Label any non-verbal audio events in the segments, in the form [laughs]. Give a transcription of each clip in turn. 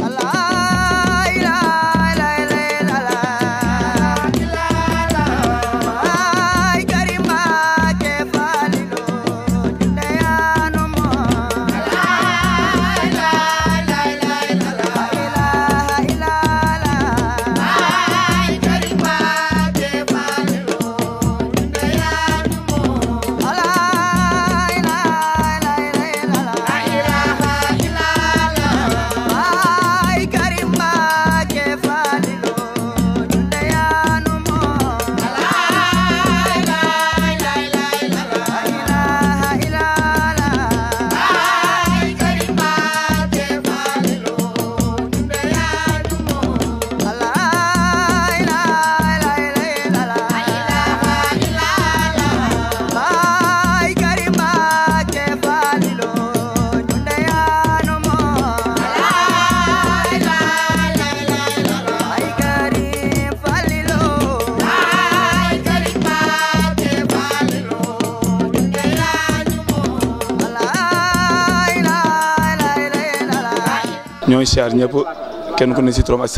Allah siyaar ñëpp kenn ku ne si turam ak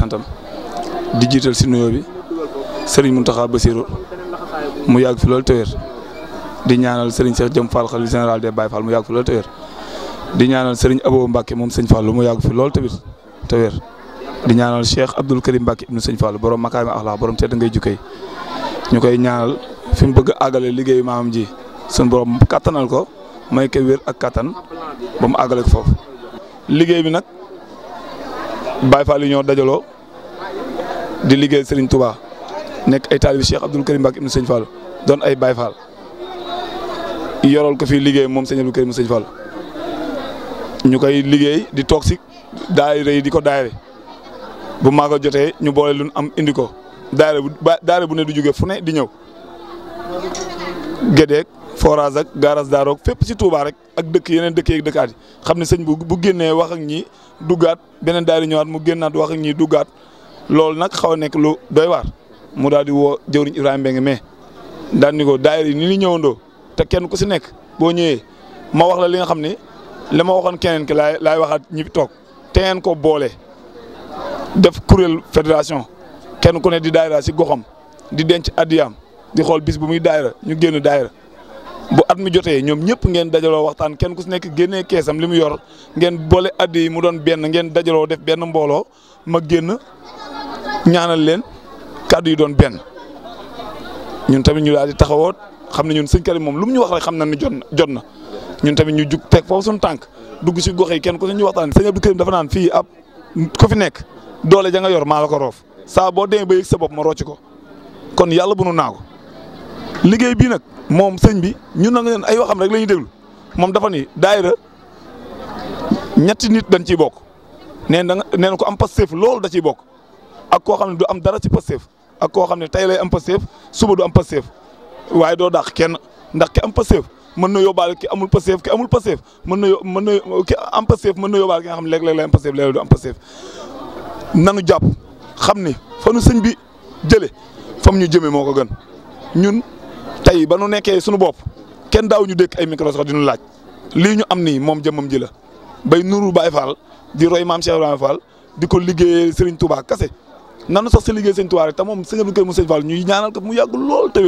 di jiital si nuyoo bi Serigne Mountakha Bassirou mu yàgg fi loolu te di ñaanal Serigne Cheikh Jëm Fall xalifa mu yàgg fi loolu te di ñaanal Serigne Abo mbakki moom sëñ Fall mu yàgg fi loolu tamit te di ñaanal Cheikh Abdoul Karim Mbacke ibnu sëñ Fall borom makaami axlaa borom tedd ngay jukkee ñu koy ñaanal fi mu bëgg a liggéey liggéeyu maamam ji suñu borom kattanal ko may ko wér ak kattan ba mu àggale ko foofu liggéey bi nag Baye yu ñoo dajaloo di liggéey sëriñ Touba nekk ay taalibi Cheikh Abdoul Karim Mbacke ibn Serigne Fall doon ay Baye Fall yorool ko fi liggéey moom Serigne Abdoul Karim Serigne Fall ñu koy liggéey di toog si daayira yi di ko daayira bu maagal jotee ñu boole lu am indi ko daayira bu bu ne du jóge fu ne di ñëw gédeek forage ak garage daaroog fépp ci Touba rek ak dëkk yeneen dëkk yeeg dëkkaat yi xam ne sëñ bu bu génnee wax ak ñi duggaat beneen daal di ñëwaat mu génnaat wax ak ñi duggaat loolu nag xaw a nekk lu doy waar mu daal di woo jëwriñ Ibrahima Mbengue mais daan ni ko daayira yi ni ñëwandoo te kenn ku si nekk boo ñëwee ma wax la li nga xam ne li ma waxoon keneen ki laay laay waxaat ñi toog te ngeen ko boole def kuréel fédération kenn ku ne di daayira si goxam di denc addiyaam di xool bis bu muy daayira ñu génn daayira bu at mu jotee ñoom ñëpp ngeen dajaloo waxtaan kenn ku si nekk génnee keesam li mu yor ngeen boole addi yi mu doon benn ngeen dajaloo def benn mbooloo ma génn ñaanal leen kàddu yi doon benn ñun tamit ñu daal taxawoo xam ne ñun sëñ Karim moom lu mu ñu wax rek xam na ne jot na jot na ñun tamit ñu jug teg foofu suñu tànk dugg si gox yi kenn ku si ñu waxtaan sëñ Abdou Karim dafa naan fii ab ko fi nekk doole ja nga yor maa ko roof saa boo demee ba yëg sa bopp ma rocc ko kon yàlla bu naaw liggéey bii nag moom sëñ bi ñun na ngeen ay waxam rek la ñu déglu moom dafa ni daayira ñetti nit dañ ciy bokk nee na neen na ko am Pastef loolu da ciy bokk ak koo xam ne du am dara ci Pastef ak koo xam ne tey lay am Pastef suba du am Pastef waaye doo dàq kenn ndax ki am Pastef mën na yóbbaale ki amul Pastef ki amul Pastef mën na mën na ki am Pastef mën na yóbbaale ki nga xam ne léeg lay am Pastef léeg-léeg du am Pastef nanu jàpp xam ni fa nu sëñ bi jële fam ñu jëmee moo ko gën tey ba nu nekkee suñu bopp kenn daaw ñu dékk ay micros sax di ñu laaj lii ñu am nii moom jëmmam ji la bay nuru Baye Fall di roy maam Cheikh Ibrahima Fall di ko liggéeyee Serigne Touba kase nanu sax sa liggéey Serigne Touba rek te moom sëñ Abdou Karim Serigne Fall ñuy mu yàgg lool te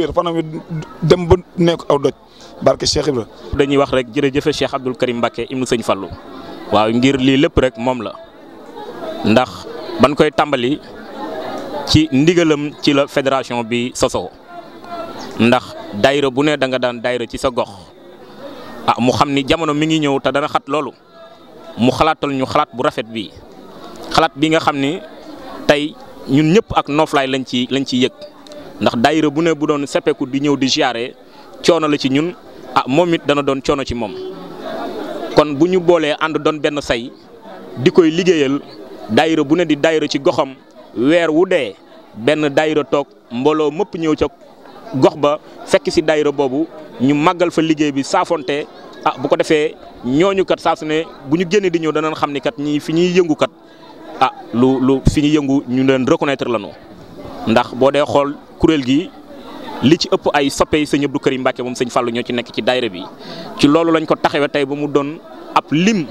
dem ba nekk aw doj barke Cheikh Ibra dañuy wax rek jërëjëf Cheikh Abdou Karim Mbacké ibnu Serigne Fallou waaw ngir lii lépp rek moom la ndax ban koy tàmbali ci ndigalam ci la fédération bi sosoo ndax dayra bu ne da nga daan dayra ci sa gox a ah, mu xam ni jamono mi ngi ñëw te dana xat loolu mu xalaatal ñu xalaat bu rafet bii xalaat bi nga xam ni tey ñun ñëpp ak nooflaay lañ ci lañ ciy yëg ndax dayra bu ne bu doon seppeeku di ñëw di ziare coono la ci ñun ah moom it dana doon coono ci moom kon bu ñu boolee ànd doon benn say di koy liggéeyal dayra bu ne di dayra ci goxam weer wu dee benn dayra toog mbooloo mëpp ñëw ca gox ba fekk si dayre boobu ñu màggal fa liggéey bi saafonte a ah, bu ko defee ñooñu kat saa ne bu ñu génnee di ñëw danañ xam ni kat ñii fi ñuy yëngu kat ah lu lu fi ñuy yëngu ñu leen reconnaître la ñu ndax boo dee xool kuréel gi li ci ëpp ay soppe sëñ kër Karim Mbacke moom sëñ Fallou ñoo ci nekk ci daayira bi ci loolu lañ ko taxawee tey ba mu doon ab lim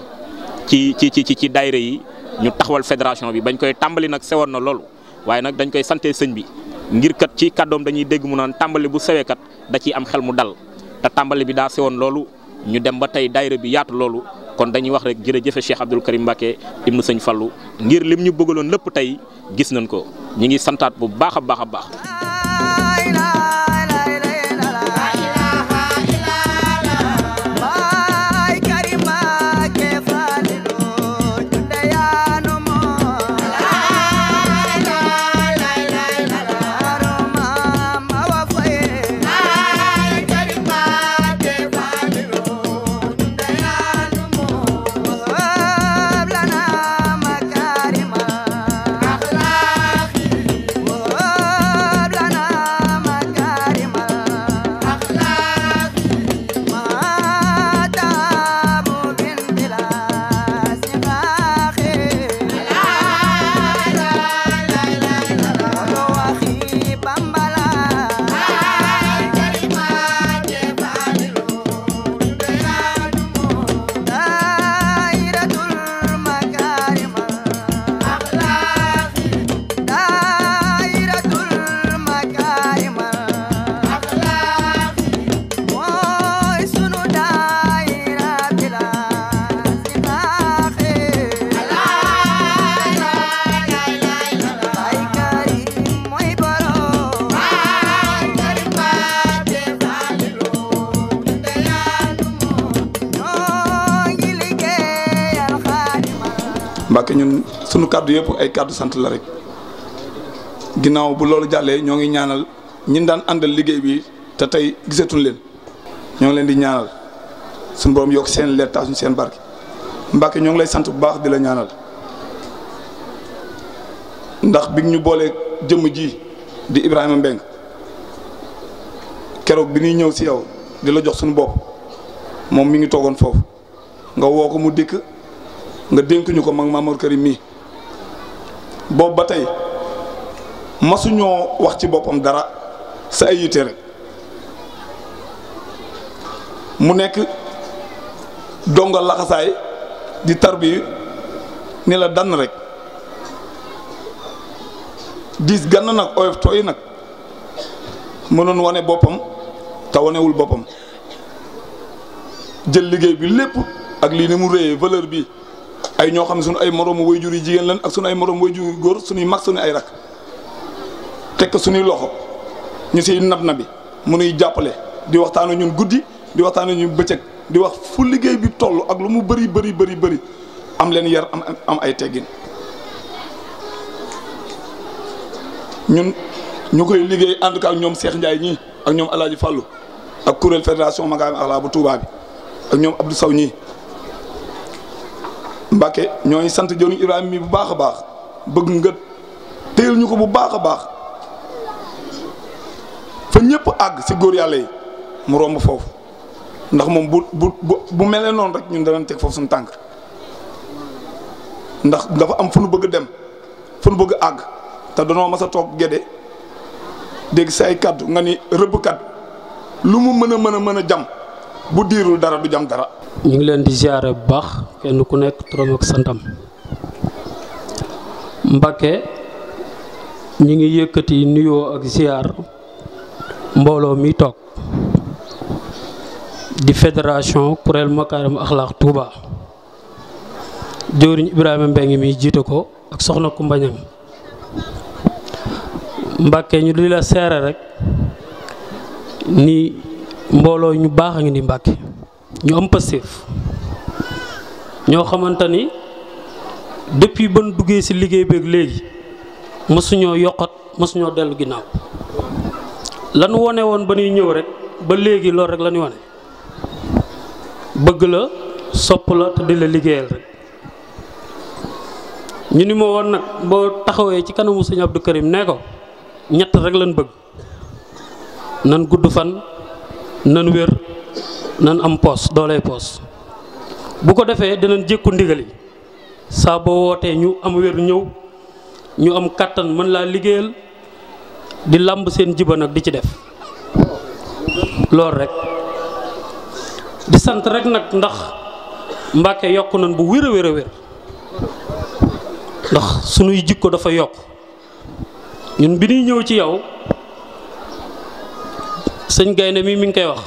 ci ci ci ci daayira yi ñu taxawal fédération bi bañ koy tàmbali nag sewoon na loolu waaye nag dañ koy sante sëñ bi. ngir kat ci kàddoom dañuy dégg mu naan tàmbali bu sewee kat da ciy am xel mu dal te tàmbali bi daa sewoon loolu ñu dem ba tey daayira bi yaatu loolu kon dañuy wax rek jërëjëfe Cheikh Abdoul Karim Mbacké ibnu sëñ Fallu ngir lim ñu bëggaloon lépp tey gis nañ ko ñu ngi santaat bu baax a baax a baax sunu kàddu yëpp ay kàddu sant la rek ginnaaw bu loolu jàllee ñoo ngi ñaanal ñin daan àndal liggéey bi te tey gisatuñ leen ñoo ngi leen di ñaanal suñu borom yokk seen leer taasuñ seen barke Mbàkke ñoo ngi lay sant bu baax di la ñaanal ndax bi ñu booleek jëmm ji di Ibrahima Mbeng keroog bi ñuy ñëw si yow di la jox suñu bopp moom mi ngi toogoon foofu nga woo ko mu dikk nga dénk ñu ko mag Mamour Karim mii boobu ba tey masuñoo wax ci boppam dara sa ay rek mu nekk donga laxasaay di tarbi ni la dann rek diis gann nag oyof tooy nag mënoon wane boppam te wanewul boppam jël liggéey bi lépp ak lii ni mu réyee valeur bi ay ñoo xam suñu ay moroomu wayjur yi jigéen lan ak sunu ay moroomu wayjur yu góor suñuy mag suñu ay rak tekk suñuy loxo ñu si nab nabi mu nuy jàppale di waxtaan ñun guddi di waxtaan ñun bëccëg di wax fu liggéey bi toll ak lu mu bari bari bëri bëri am leen yar am am ay teggin ñun ñu koy liggéey en tout cas ñoom Cheikh njaay ñii ak ñoom El Hadj Fallou ak kuréel fédération Magaam Akhla bu Touba bi ak ñoom Abdou saw ñii. Mbacke ñooy sant jëriñ Ibrahima mi bu baax a baax bëgg nga téyel ñu ko bu baax a baax fa ñëpp àgg si góor yàlla yi mu romb foofu ndax moom bu bu bu mel ne noonu rek ñun danañ teg foofu suñu tànk ndax dafa am fu nu bëgg dem fu nu bëgg àgg te danoo mas a toog gédde dégg si ay kàddu nga ni rëbbkat lu mu mën a mën a mën a jam bu diirul dara du jam dara. ñu ngi leen di ziare bu baax kenn ku nekk turam ak santam Mbàkke ñu ngi yëkkati nuyoo ak ziar mbooloo mi toog di fédération kuréel Makaarim Axlaaq Touba jëwriñ Ibrahima Mbengue mi jiite ko ak soxna Kumba Ñaŋ Mbàkke ñu di la seere rek ni mbooloo ñu baax a ngi ni Mbàkke ñu am pastéef ñoo xamante ni depuis ban duggee ci liggéey beeg léegi mësuñoo yokkat mësuñoo dellu ginnaaw lan wone woon ba ñuy ñëw rek ba léegi loolu rek la ñu wone bëgg la sopp la te di la liggéeyal rek ñu ni ma woon nag boo taxawee ci kanamu sëñ Abdou Karim ne ko ñett rek lañ bëgg nan gudd fan nan wér nan am poos doolay poos bu ko defee dinañ jékku ndigal yi saa boo wootee ñu am wér ñëw ñu am kàttan mën laa liggéeyal di làmb seen jiba nag di ci def loolu rekk di sant rek nag ndax Mbàkke yokk nañ bu wér a wér a wér ndax sunuy jikko dafa yokk ñun bi ñuy ñëw ci yow sëñ gaynde mi mi ngi koy wax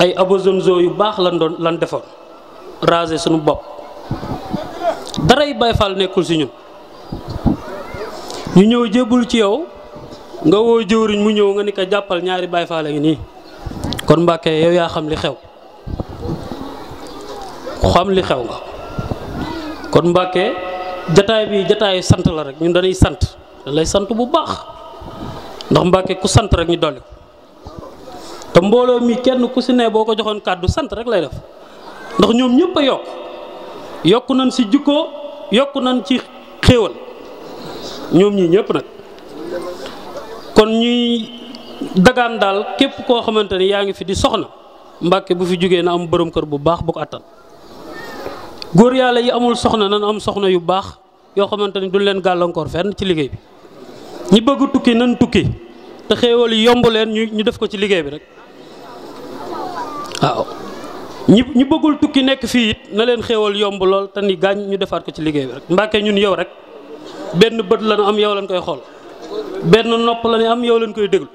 ay abosomzo yu baax lan doon lan defoon raser suñu bopp daray yi Baay nekkul si ñun ñu ñëw jébbul ci yow nga woo jëwriñ mu ñëw nga ni ko jàppal ñaari Baay Faal ngi nii kon Mbàkke yow yaa xam li xew xam li xew nga kon Mbàkke jataay bi jataayu sant la rek ñun dañuy sant dañ lay sant bu baax ndax Mbàkke ku sant rek ñu dolli te mbooloo mi kenn ku si ne boo ko joxoon kàddu sant rek lay def ndax ñoom ñëpp a yokk yokk nañ si jikko yokk nañ ci xéewal ñoom ñii ñëpp nag kon ñuy dagaan daal képp koo xamante ni yaa ngi fi di soxna mbàkke bu fi jógee na am borom kër bu baax bu ko attan góor yàlla yi amul soxna nan am soxna yu baax yoo xamante ni duñ leen gàllankoor fenn ci liggéey bi ñi bëgg tukki nan tukki te xéewal yomb leen ñu ñu def ko ci liggéey bi rek waaw ñi ñu bëggul tukki nekk fii it na leen xéewal yomb lool te ni gaañ ñu defaat ko ci liggéey bi rek Mbàkke ñun yow rek benn bët la ñu am yow lañ koy xool benn nopp la ñu am yow lañ koy déglu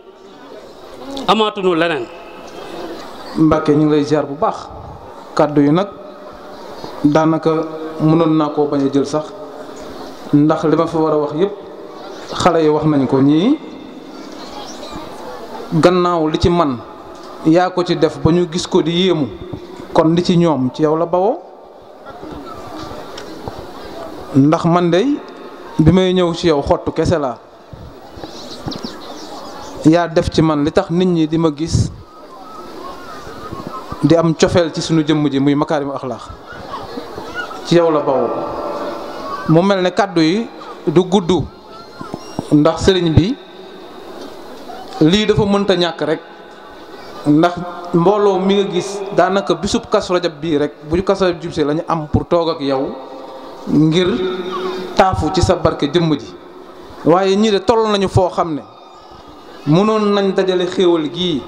amaatuñu leneen. Mbàkke ñu ngi lay ziar bu baax kàddu yi nag daanaka mënoon naa koo bañ a jël sax ndax li ma fa war a wax yépp xale yi wax nañ ko ñii. gannaaw li ci man yaa ko ci def ba ñu gis ko di yéemu kon li ci ñoom ci yaw la bawoo ndax man dey bi may ñëw ci yow xottu kese laa yaa def ci man li tax nit ñi di ma gis di am cofeel ci sunu jëmm ji muy makaarimu axlaax ci yow la bawoo mu mel ni kàddu yi du gudd ndax sëriñ bi lii dafa mënta ñàkk rek ndax mbooloo mi nga gis daanaka bisub Kazu Rajab bii rek bu kas Rajab jubsee la am pour toog ak yow ngir taafu ci sa barke jëmm ji waaye ñii de toll nañu foo xam ne mënoon nañ dajale xéewal gi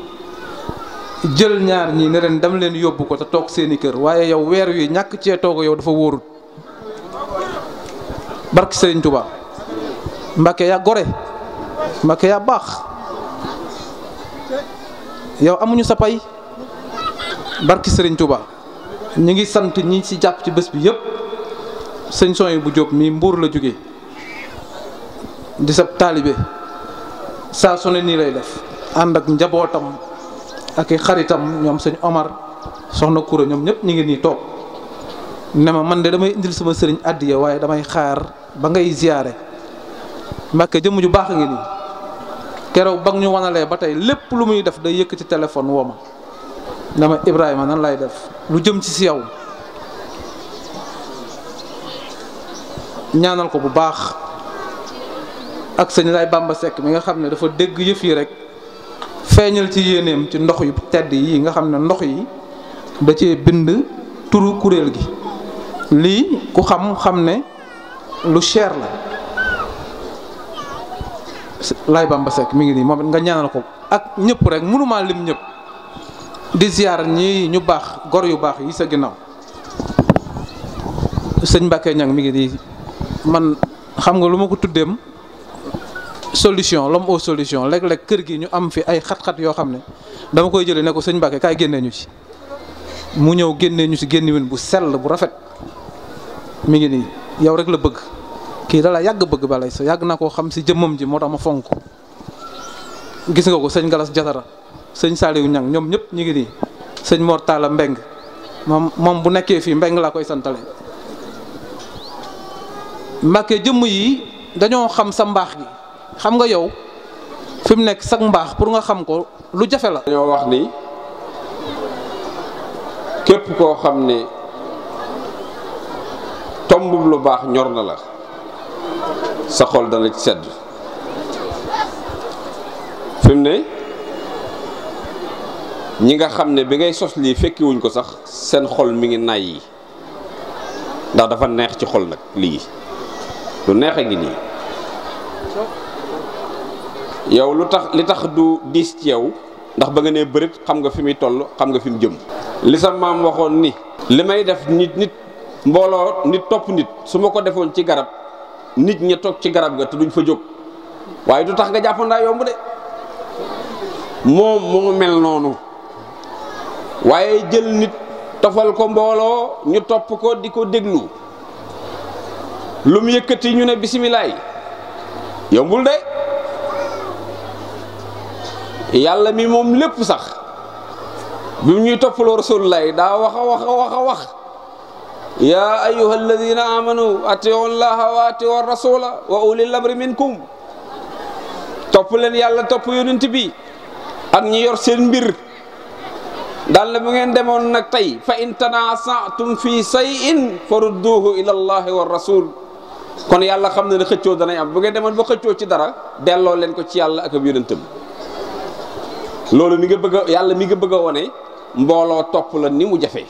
jël ñaar ñii ne leen dam leen yóbbu ko te toog seeni kër waaye yow weer wi ñàkk cee toog yow dafa wóorut barke Sëriñ Tuubaa Mbàkke yaa gore mbake yaa baax yow amuñu sa pay barki Serigne Touba ñu ngi sant ñi ci jàpp ci bés bi yëpp sëñ son bu Jóob mii mbuur la jóge di sa taalibe saa su ne nii lay def ànd ak njabootam ak xaritam ñoom sëñ Omar soxna Koura ñoom ñëpp ñu ngi nii toog ne ma man de damay indil sama sëriñ àddiya waaye damay xaar ba ngay ziyaare Mbàkke jëmm ju baax a ngi nii. keroog ba ñu wanalee ba tey lépp lu muy def day yëkkati téléphone woo ma dama Ibrahima nan lay def lu jëm ci si yow ñaanal ko bu baax ak sëñ lay bàmba sekk bi nga xam ne dafa dégg yëf yi rek feeñal ci yéeneem ci ndox yu tedd yi nga xam ne ndox yi da cee bind turu kuréel gi lii ku xam xam ne lu cher la. Laye Bamba Seck mi ngi nii moom nga ñaanal ko ak ñëpp rek mënumaa lim ñëpp di ziar ñii ñu baax gor yu baax yi sa ginnaaw sëñ Mbacke ñang mi ngi nii man xam nga lu ma ko tuddeem solution l'homme aux solutions léeg-léeg kër gi ñu am fi ay xat-xat yoo xam ne dama koy jëlee ne ko sëñ Mbacke kaay génnee ñu ci mu ñëw génnee ñu ci génn génniwin bu sell bu rafet mi ngi nii yow rek la bëgg. kii dalaa yàgg bëgg balay sa yàgg naa koo xam si jëmmam ji moo tax ma fonk gis nga ko sëñ Galas Jatara sëñ Saliou Ñang ñoom ñëpp ñu ngi nii sëñ Mor Talla Mbeng moom bu nekkee fii Mbeng laa koy santale Mbàkke jëmm yi dañoo xam sa mbaax gi xam nga yow fi mu nekk sag mbaax pour nga xam ko lu jafe la. dañoo wax ni képp koo xam ne tombum lu baax ñor na la. sa xol dana ci sedd fim ne ñi nga xam ne bi ngay sos lii fekkiwuñ ko sax seen xol mi ngi nàyyi ndax dafa neex ci xol nag lii lu neex a ngi nii yow lu tax li tax du diis ci yow ndax ba nga nee bërit xam nga fi muy toll xam nga fi mu jëm li sa maam waxoon ni li may def nit nit mbooloo nit topp nit su ma ko defoon ci garab nit ña toog ci garab ga te duñ fa jóg waaye du tax nga jàppandaa yomb de moom moo mel noonu waaye jël nit tofal ko mbooloo ñu topp ko di ko déglu lu mu yëkkati ñu ne bisimilaay yombul de yàlla mi moom lépp sax bi mu ñuy toppaloo rasulullaay daa wax wax a wax a wax يا أيها الذين آمنوا أطيعوا الله وأطيعوا الرسول وأولي الأمر منكم topp leen yàlla topp yonent bi ak ñi yor seen mbir daal bu ngeen demoon nag tey fa in tanaasatum fi sayin farudduhu ila allahi wa rasul kon yàlla xam na ne xëccoo danay am bu demoon ba xëccoo ci dara delloo leen ko ci yàlla ak ab yonentam loolu mi nga bëgg yàlla mi nga bëgg a wone mbooloo topp la ni mu jafee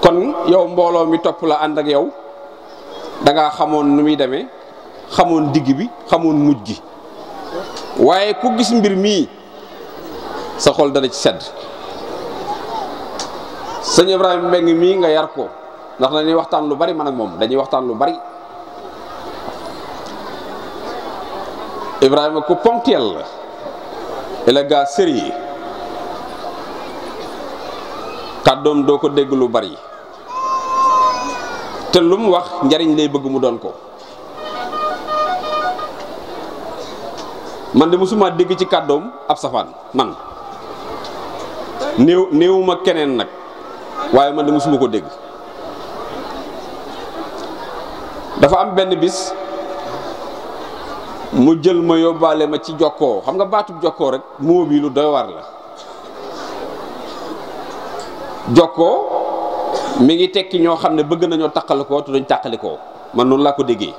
kon yow mbooloo mi topp la ànd ak yow danga xamoon nu muy demee xamoon digg bi xamoon mujj gi waaye ku gis mbir mii sa xol dana ci sedd sëñ Ibrahima Mbeng mii nga yar ko ndax dañuy waxtaan lu bari man ak moom dañuy waxtaan lu bari Ibrahima ku ponctuel la et le gars sérieux kàddoom doo ko dégg lu bari te lu wax njariñ lay bëgg mu doon ko man de mosuma dégg ci kàddoom ab safaan man néew néewuma keneen nag waaye man de mosuma ko dégg dafa am benn bis mu jël ma yóbbaale ma ci jokkoo xam nga baatub jokkoo rek moo bi lu doy war la jokkoo mi ngi tekki ñoo xam ne bëgg nañoo taqalikoo te duñ taqalikoo man noonu laa ko déggee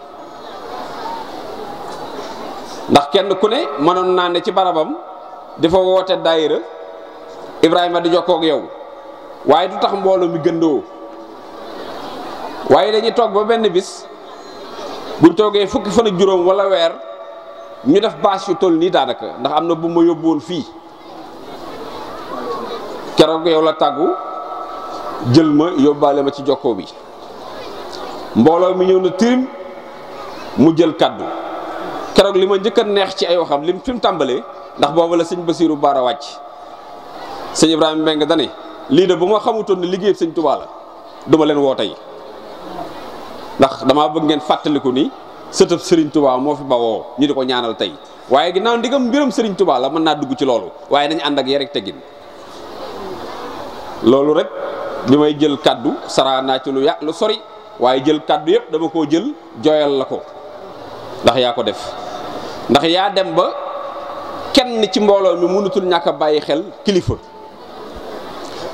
ndax kenn ku ne mënoon naa ne ci barabam dafa woote daayira Ibrahima di jokkoo ak yow waaye du tax mbooloo mi gëndoo waaye dañuy toog ba benn bis buñ toogee fukki fan juróom wala weer ñu def baas yu toll nii daanaka ndax am na bu ma yóbbuwoon fii keroog yow la tàggu. jël ma yóbbaale ma ci jokkoo bi mbooloo mi ñëw na tirim mu jël kàddu keroog li ma njëkk neex ci ay waxam lim fi mu tàmbalee ndax boobu la sëñ Basiiru Baara wàcc sëñ Ibrahima Mbengue dane lii de bu ma xamutoon ne liggéeyam sëñ Tuubaa la du leen woo tey ndax damaa bëgg ngeen fàttaliku ni sëtëb Serigne Touba moo fi bawoo ñu di ko ñaanal tey waaye ginnaaw ndigam mbiram Serigne tubaa la mën naa dugg ci loolu waaye nañ ànd ak yar ak teggin loolu rek bi may jël kàddu saraa ci lu yà lu sori waaye jël kàddu yëpp dama koo jël jooyal la ko ndax yaa ko def ndax yaa dem ba kenn ci mbooloo mi mënutul ñàkk a bàyyi xel kilifa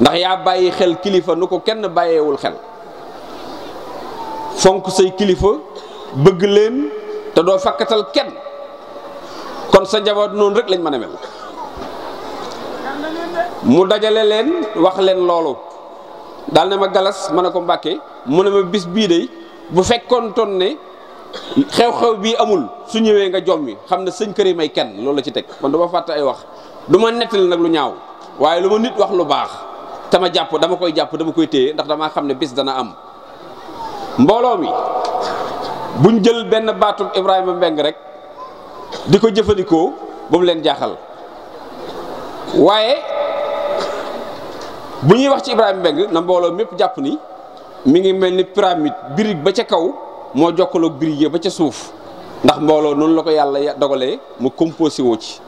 ndax yaa bàyyi xel kilifa nu ko kenn bàyyewul xel fonk say kilifa bëgg leen te doo fakkatal kenn kon sa njaboot noonu rek lañ mën a mel mu dajale leen wax leen loolu daal ne ma galas ma ne ko mbàkke mu ne ma bis bii de bu fekkoon fekkoontoon ne xew-xew bii amul su ñëwee nga jommi xam ne sëñ kër yi may kenn loolu la ci teg man du ma fàtte ay wax du ma nettali nag lu ñaaw waaye lu ma nit wax lu baax te ma jàpp dama koy jàpp dama koy téye ndax damaa xam ne bis dana am mbooloo mi buñ jël benn baatub Ibrahima Mbeng rek di ko jëfandikoo ba mu leen jaaxal waaye bu ñuy wax ci Ibrahima Mbengue na mbooloo mépp jàpp ni mi ngi mel ni pyramide birig ba ca kaw moo jokkaloo birig ya ba ca suuf ndax mbooloo noonu la ko yàlla dogalee mu composé woo ci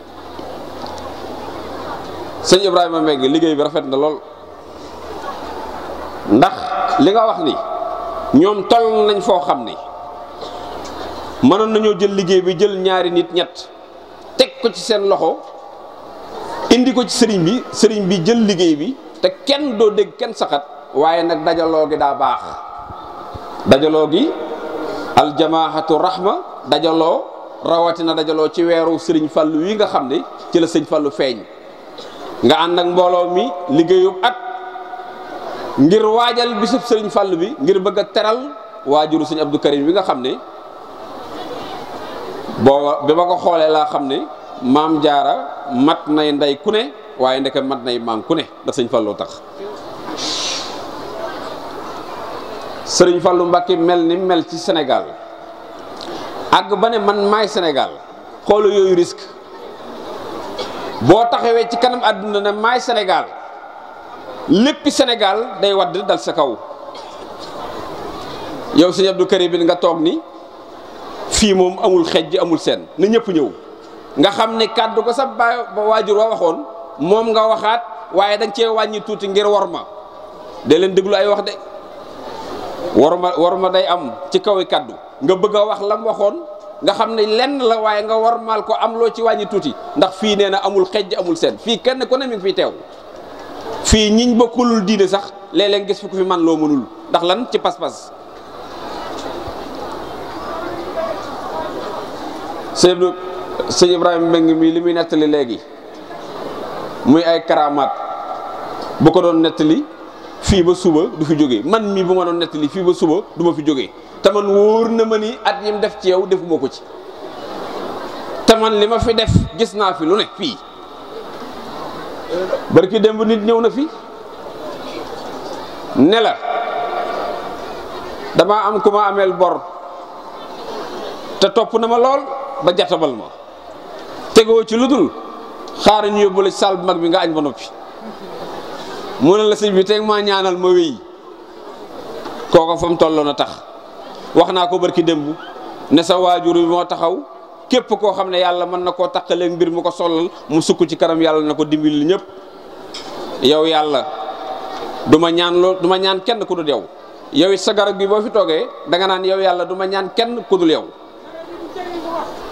sëñ Ibrahima Mbengue liggéey bi rafet na lool ndax li nga wax ni ñoom toll nañ foo xam ni mënoon nañoo jël liggéey bi jël ñaari nit ñett teg ko ci seen loxo indi ko ci sëriñ bi sëriñ bi jël liggéey bi te kenn doo dégg kenn saxat waaye nag dajaloo gi daa baax dajaloo gi aljamaahatu rahma dajaloo rawatina dajaloo ci weeru sëriñ fàllu wi nga xam ne ci la sëñ fàllu feeñ nga ànd ak mbooloo mi liggéeyub at ngir waajal bisub sëriñ fàllu bi ngir bëgg a teral waajuru sëñ Abdou Karim bi nga xam ne booba bi ma ko xoolee laa xam ne maam jaara mat nay ndey ku ne waaye ndeke mat nay maam ku ne ndax sëñ Fallou tax sëriñ Fallou Mbacke mel ni mel ci senegal àgg ba ne man maay senegal xoolu yooyu risque boo taxawee ci kanam àdduna ne maay Sénégal lépp senegal day wadd dal sa kaw yow sëñ Abdou Karim bi nga toog ni fii moom amul xejj amul seen na ñëpp ñëw nga xam ne kàddu ko sa ba waajur wa waxoon moom nga waxaat waaye danga cee wàññi tuuti ngir war ma da leen déglu ay wax de war ma ma day am ci kaw kàddu nga bëgg a wax lam waxoon nga xam ne lenn la waaye nga war maal ko am loo ci wàññi tuuti ndax fii nee na amul xej amul seen fii kenn ku ne mi ngi teew fii ñiñ bokkulul diine sax léeg-léeg gis fu fi man loo mënul ndax lan ci pas-pas sëñ Ibrahima Mbengue mii li muy nettali léegi muy ay karaamaat bu ko doon nettali fii ba suba du fi jógee man mii bu ma doon nettali fii ba suba du ma fi jógee te man wóor na ma ni at yim def ci yow defuma ko ci te man li ma fi def gis naa fi lu ne fii barki démb nit ñëw na fi ne la damaa am ku ma ameel bor te topp na ma lool ba jatabal ma tegoo ci ludul xaaral ñu yóbbu la ci bu mag bi nga añ ba noppi mu ne la sëñ bi teg ma ñaanal ma wéy kooko fa mu tolloon a tax wax naa ko barki démb ne sa waajur bi moo taxaw képp koo xam ne yàlla mën na koo taqaleeg mbir mu ko solal mu sukk ci kanam yàlla na ko dimbali ñëpp yow yàlla duma ñaan lool du ñaan kenn ku dul yow yow it sa garab gi boo fi toogee danga naan yow yàlla du ma ñaan kenn ku dul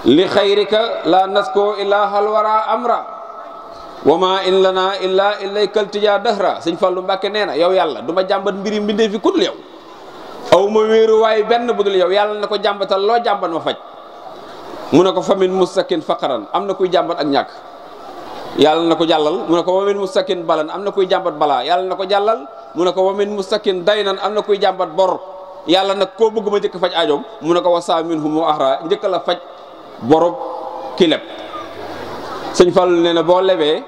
li xayrika la nasko illa halwara amra wa ma in lana illa ilayka altija dahra sëñ Fallu Mbàkke nee na yow yàlla du ma jàmbat mbiri mbindee fi kudul yow aw ma wéeru waaye benn budul yow yàlla na ko jàmbatal loo jàmbat ma faj mu ne ko famin mustakin faqaran am na kuy jàmbat ak ñàkk yàlla na ko jàllal mu ne ko wamin am na kuy jàmbat balaa yàlla na ko jàllal mu ne ko wamin mustakin daynan am na kuy jàmbat bor yàlla nag koo bëgg ma njëkk faj aajoom mu ne ko wasaa minhum ahra njëkk la faj boroog ki leb sëñ Fallu nee na boo lebee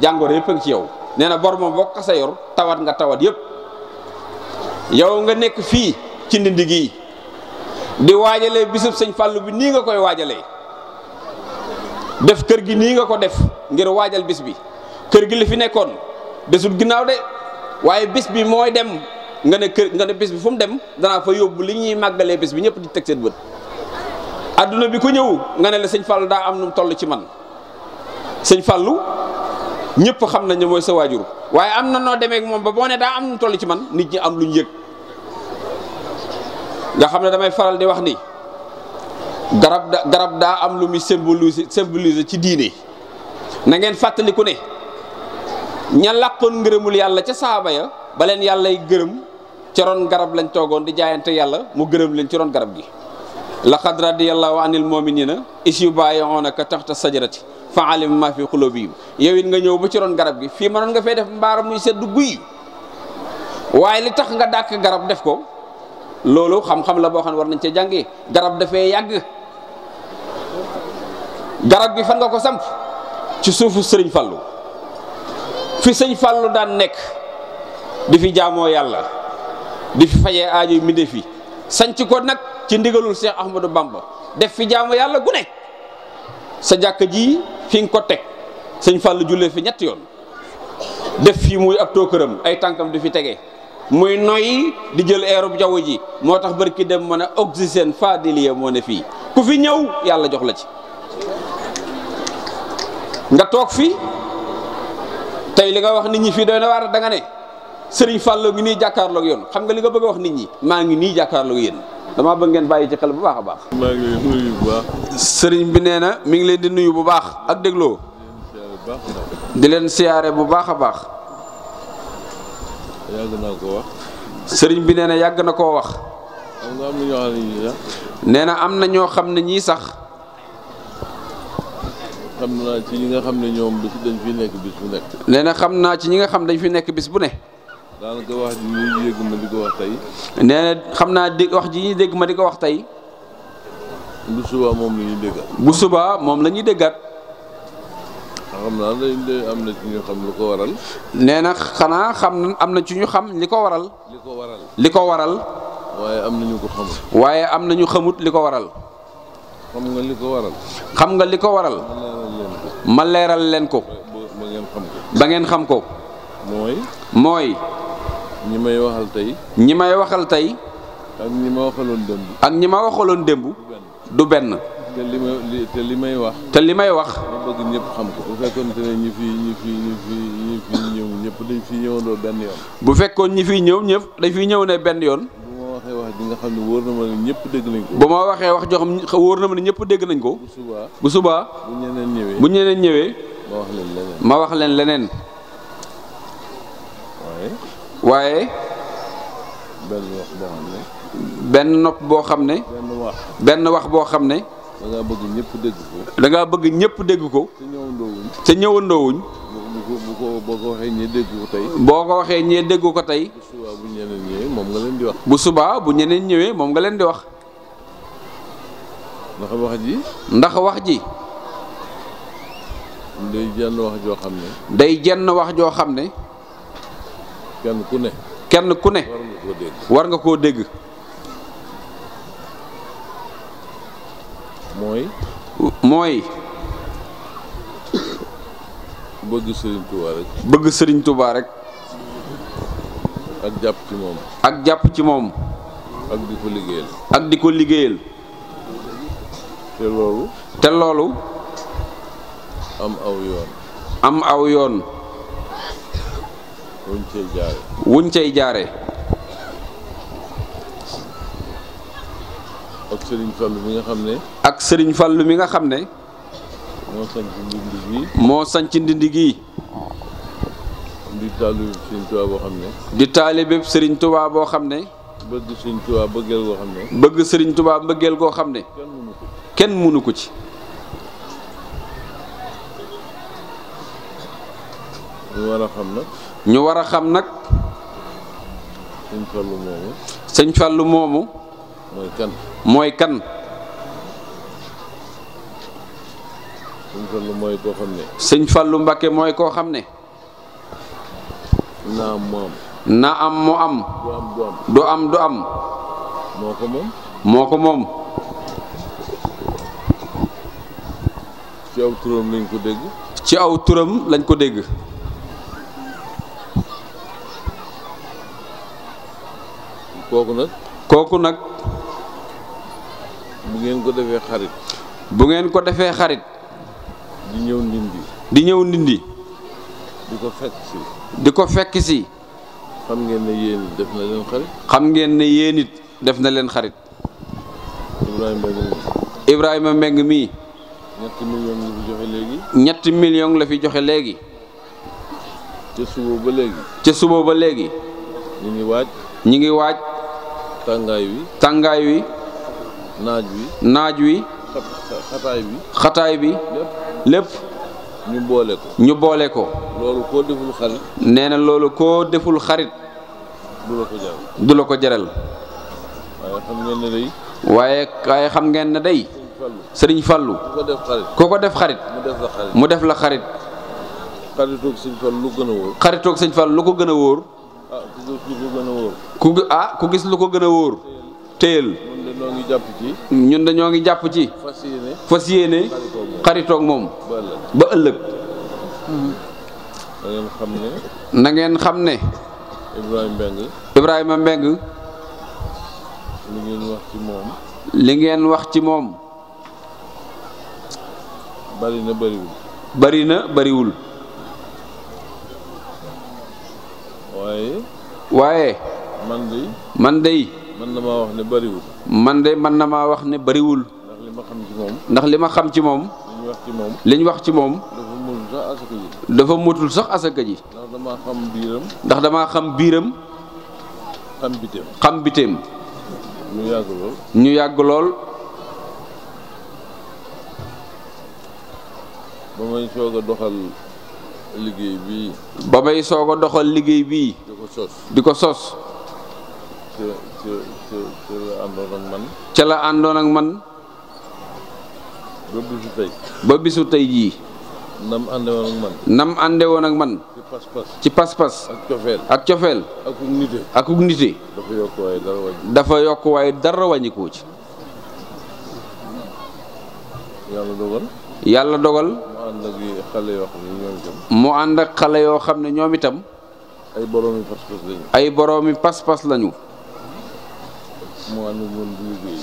jàngoor yëpp a ngi ci yow nee na bor moom boo ko sa yor tawat nga tawat yëpp yow nga nekk fii ci ndindi gii di waajalee bisub sëñ Fallu bi nii nga koy waajalee def kër gi nii nga ko def ngir waajal bis bi kër gi li fi nekkoon desul ginnaaw de waaye bis bi mooy dem nga ne kër nga ne bis bi fu mu dem danaa fa yóbbu li ñuy màggalee bis bi ñëpp di teg seen bët. adduna bi ko ñëw nga ne la sëñ Fallou daa am nu mu toll ci man sëñ Fallou ñëpp xam nañ ne sa waajur waaye am na noo demee moom ba boo ne daa am nu mu toll ci man nit ñi am lu ñu yëg nga xam ne damay faral di wax ni garab daa am lu muy symboliser symboliser ci diine na ngeen fàttaliku ne ña làqoon ngërëmul yàlla ca saaba ya ba leen yàllay gërëm ci ron garab lañ toogoon di jaayante yàlla mu gërëm leen ci ron garab gi. laqad radiyallahu anil muminina is yu bàyyi oonaka taxta sajarati fa alima ma fi bi yow it nga ñëw ba ci roon garab gi fii mënoon nga fay def mbaara muy sedd guy waaye li tax nga dàq garab def ko loolu xam-xam la boo xam ne war nañ cee jàngee garab dafee yàgg gi fan nga ko samp ci suufu sëriñ Fallu fi sëñ Fallu daan nekk di fi jaamoo yàlla di fi fajee aajo yi mu def fi sanc ko nag. ci ndigalul Cheikh Ahmadou Bamba def fi jaamu yàlla gu ne sa jàkka ji fi nga ko teg sëñ Fallou jullee fi ñetti yoon def fii muy ab tookëram ay tànkam du fi tege muy noyyi di jël eerub jaww ji moo tax barki dem mën a oxygène fadilie moo ne fii ku fi ñëw yàlla jox la ci nga toog fi tey li nga wax nit ñi fii doy na waar da nga ne sëriñ Fallou ngi nii jàkkaarloog yoon xam nga li nga bëgg a wax nit ñi maa ngi nii jàkkaarloog yéen damaa bëgg ngeen bàyyi ci xel bu baax a baax. sëriñ bi nee na mi ngi leen di nuyu bu baax ak dégloo. di leen siyaare bu baax a baax. sëriñ bi nee na yàgg na koo wax. nee na am na ñoo xam ne ñii sax. xam naa ci ñi nga xam ne ñoom dañ fi nekk bis bu nekk. nee na xam naa ci ñi nga xam dañ fi nekk bis bu ne. daanaka wax ji ñuy dégg ma di ko wax tey. xam naa di ji dégg ma di ko wax tey. bu subaa moom la ñuy déggaat. bu subaa moom la ñuy déggaat. xam naa day am na ci xam li na am na ci ñu xam li ko waral. li ko waral li ko waral. waaye am na ñu ko xamut. waaye am na xamut li ko waral. xam nga li ko waral. xam nga li ko waral. ma leeral leen ko. xam ko. ba ngeen xam ko. mooy. mooy. ñi may waxal tey. ñi may waxal tey. ak ñi ma waxaloon démb. ak ñi ma waxaloon démb. du benn. te li may li may wax. te li may wax. ma ñëpp xam ko. bu fekkoon te ne ñi fi ñëw ñëpp dañ fi ñëwandoo benn bu fekkoon ñi fi ñëw ñëpp dañ fi ñëw ne benn yoon. bu ma waxee wax ji nga xam ne wóor na ma ñëpp dégg nañ ko. ma waxee wax joo xam wóor na ma ne ñëpp dégg nañ ko. bu bu subaa. bu ñëwee bu ñeneen ñëwee. ma wax leen ma wax leen leneen. waaye benn nopp boo xam ne benn wax boo xam ne danga ngaa bëgg ñëpp dégg ko da bëgg ñëpp dégg ko te ñëwandoowuñ bu boo ko waxee ñee dégg ko tey boo ko waxee ñee dégg ko tey bu subaa bu ñeneen ñëwee moom nga leen di wax bu subaa bu ñeneen ñëwee moom nga leen di wax ndax wax ji ndax wax ji day jenn wax joo xam ne day jenn wax joo xam ne kenn ku ne. kenn ku ne. war nga koo dégg mooy. mooy. bëgg Serigne Touba rek. bëgg Serigne Touba ak jàpp ci moom. ak di ko liggéeyal. ak di ko liggéeyal. te loolu. te loolu. am aw yoon. am aw yoon. wuñ cay jaare wuñ cay jaare ak Serigne Fallou mi nga xam ne. ak Serigne Fallou mi nga xam ne. moo sanc ndindi gii. moo sanc ndindi gii. di taalibe Serigne Touba boo xam ne. di taalibe sëriñ Touba boo xam ne. bëgg Serigne Touba bëggeel goo xam ne. bëgg Serigne Touba mbëggeel goo xam ne. kenn mënu ko ci. ñu war a xam nag. ñu war a xam nag. sëñ Fallou moomu. sëñ Fallou moomu. mooy sëñ Fallou mooy koo xam ne. Mbakke mooy koo xam ne. na am mu am. na am mu am. du am du am. moo ko moom. moo ko moom. ci aw turam lañ ko dégg. ci aw turam lañ ko dégg. kooku nag. kooku nag. bu ngeen ko defee xarit. bu ngeen ko defee xarit. di ñëw ndindi. di ñëw ndindi. di ko fekk si. di ko fekk si. xam ngeen ne yéen it def na leen xam ngeen ne yéen def na leen xarit. Ibrahima Mbengue. mi Mbengue mii. ñetti million la fi joxe léegi. ñetti million la fi joxe ba léegi. ca suba ba léegi. ñu ngi waaj. ñu ngi waaj. tàngaay wi. tàngaay wi. naaj wi. naaj wi. xataay bi. xataay bi. lépp. ñu boole ko. boole ko. loolu koo deful xarit. nee na loolu koo deful xarit. du la ko jaral. du la waaye xam ngeen ne day. waaye waaye xam ngeen ne day. sëriñ Fallu. koo ko def xarit. ku mu def la xarit. mu def la xarit. xaritoog gën a wóor. xaritoog sëñ Fallu lu ko gën a wóor. Ah, ku gis lu ko gën a wóor. Ah, téel ñun dañoo ngi jàpp ci. fas yéene xaritoog moom ba ëllëg. nangeen xam ne. na mbeng li ngeen wax ci moom. li ngeen wax ci moom. bari na bariwul. bari na bariwul. waaye. waaye. man de. man de. man damaa wax ne bariwul. man de man na ma wax ne bariwul. ndax li ma xam ci moom. ndax li ma xam ci moom. li wax ci moom. dafa mutul sax asaka ji. ndax damaa xam biiram. ndax damaa xam biiram. xam biteem. ñu yàgg lool. ñu yàgg lool. ba may soog doxal. liggéey bii. ba may soog a doxal liggéey bii. di ko sos di ko sos. ca la àndoon ak man. ca la àndoon ak man. ba bisu tey. ba nam ànde woon ak man. ci pas-pas. ak cofeel ak ug nite. dafa yokk waaye dara wàññi. ci. yàlla dogal. yàlla dogal. mu ànd ak xale yoo xam ne ñoom itam. ay ay boroomi pas lañu.